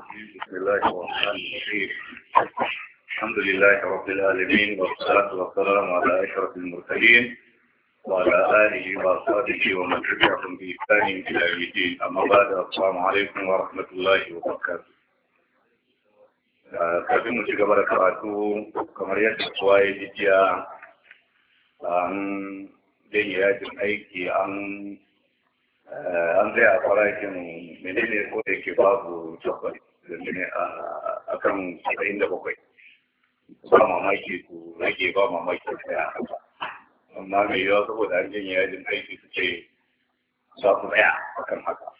بسم الله الرحمن الرحيم الحمد لله رب العالمين والصلاة والسلام على أشرف المرسلين وعلى آله وصحبه ومن تبعهم بإحسان إلى يوم الدين أما بعد السلام عليكم ورحمة الله وبركاته kafin mu ci gaba da karatu kamar yadda kowa ya ji jiya an janye yajin aiki an Eh, an zai a farashin menene ko da yake babu tabbas domin a kan saba'in da bakwai ba mamaki ku rage ba mamaki ta ku tsaya amma mai yawa saboda an jin yajin aiki su ce za ku tsaya a kan haka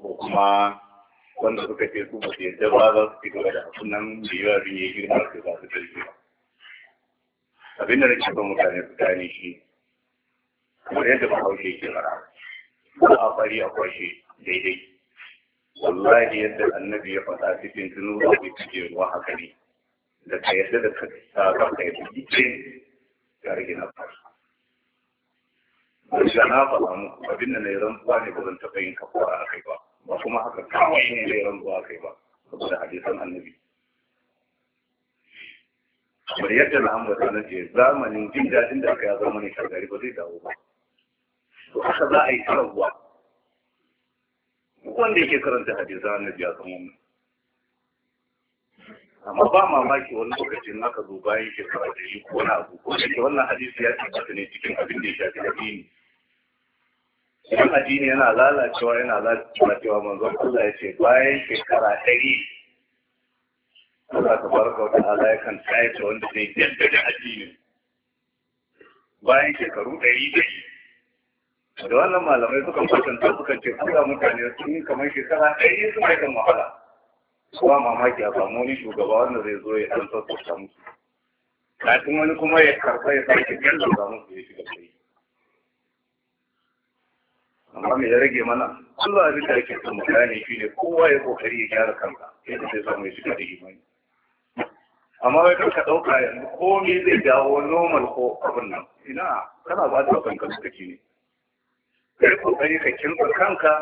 ko kuma wanda suka ce su masu yadda ba za su fito da nan mai yawa sun yi girma su za su tarihi ba abin da nake son mutane su gane shi kuma yadda ba haushe ke mara ba a bari a kwashe daidai wallahi yadda annabi ya faɗa cikin tunu da ku cike ruwa haka ne da ka yadda da ka saba ka yadda kike ka rage na fara da na faɗa mu abin da na rantsuwa ne ba zan taɓa yin kafuwa a kai ba ba kuma haka kawai ne na rantsuwa a kai ba saboda hadisan annabi kamar yadda na ambata na ce zamanin jin daɗin da aka yi zama ne shagari ba zai dawo ba to haka za a yi sarrafa wanda yake karanta hadisa annabi biya san mu. amma ba mamaki wani lokacin naka zo bayan shekara da yi ko na abu ko da wannan hadisi ya tabbata ne cikin abin da ya shafi addini idan addini yana lalacewa yana lalacewa manzo Allah ya ce bayan shekara ɗari Allah ta wa ta'ala ya kan tsaye wanda zai jaddada addini. bayan shekaru ɗari da yi da wannan malamai suka kwatanta suka ce kuma mutane sun yi kamar shekara ɗaya suna kan wahala ba mamaki a samu wani shugaba wanda zai zo ya ɗan ta musu kafin wani kuma ya karɓa ya sake canza musu ya shiga kai amma me ya rage mana Allah abin da ke son mutane shi ne kowa ya kokari ya gyara kansa yadda zai samu ya shiga da imani amma wai kanka ɗauka yanzu komai zai dawo normal ko abin nan ina kana ba da kanka lokaci ne ka yi kokari ka kinsa kanka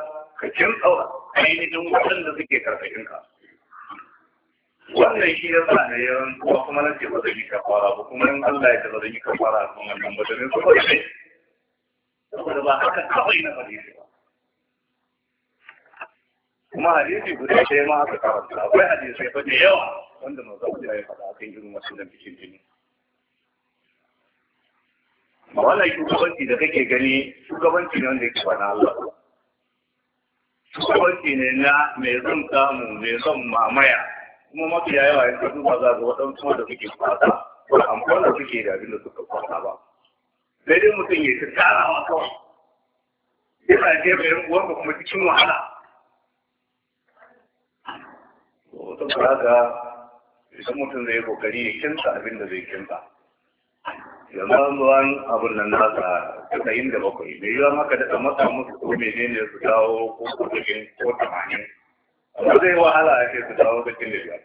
ka kinsa ainihin waɗanda suke karkashin ka wannan shi ya sa na yawan kuma kuma na ce ba zai yi kafara ba kuma in Allah ya ce ba zan yi kafara a kan wannan ba yi saboda ne saboda ba haka kawai na hadisi ba kuma hadisi guda ɗaya ma aka karanta akwai hadisi fa da yawa wanda manzo Allah yi faɗa kan irin wasu da bikin jini wannan shugabanci da kake gani shugabanci ne wanda yake bana Allah shugabanci ne na mai zan samu mai zan mamaya kuma mafiya yawa yanzu duba za ga waɗansu da suke fata ba amfani da suke da abin da suka fata ba sai dai mutum ya ta tarawa kawai yana jefa yan uwanka kuma cikin wahala wata saboda haka idan mutum zai kokari ya kinsa abin da zai kinsa yanzu an abun nan nasa yin da bakwai mai yiwuwa maka da masa musu ko ne su dawo ko kudin ko tamanin ba zai wahala a ce su dawo da cin libya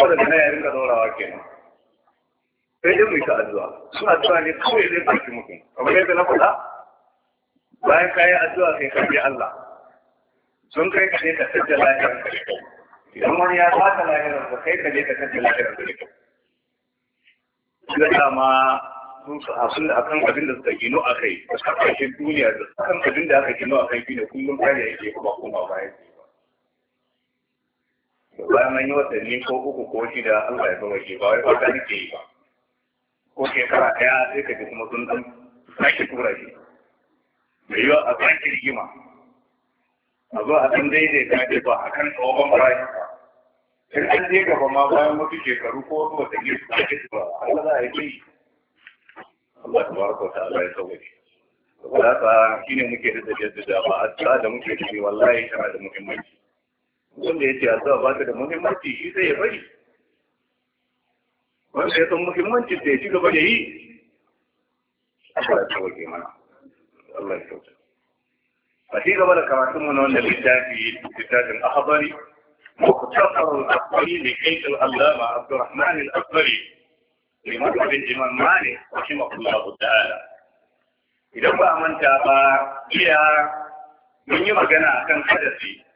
ko da na yarin ka ke nan. sai dai mu yi addu'a su addu'a ne kawai zai baki mutum kamar yadda na faɗa bayan ka yi addu'a sai ka bi Allah sun kai ka ne ka tattala lahirar ka idan wani ya ba ka lahirar ka kai ka ne ka tattala lahirar ka da ma sun abin da kan abin da suka gino a kai da kasashen duniya da kan abin da aka gino a kai shine kullum kare yake kuma kuma baya ce ba bayan an yi watanni ko uku ko shida Allah ya zama ke ba wai fata nake yi ba ko shekara ɗaya sai ka ji kuma sun dan sake tura shi mai yiwa a sake rigima a zo a san daidaita ce ba a kan tsohon bayan ba in an je gaba ma bayan wasu shekaru ko wasu watanni su ake su ba Allah za a yi Allah ta baraka ta Allah ya sauke saboda haka shine muke da da jaddada ba addu'a da muke yi wallahi tana da muhimmanci wanda ya ce a addu'a ba ta da muhimmanci shi sai ya bari wanda ya san muhimmanci sai ya ci gaba da yi Allah ya sauke mana Allah ya sauke a ci gaba da karatunmu na wanda littafi littafin ahabari مختصر الأكبري لشيخ العلامة عبد الرحمن الأكبري لمذهب الإمام مالك رحمه الله تعالى إذا ما أمنت أبا إيا من يمكن أن كان حدثي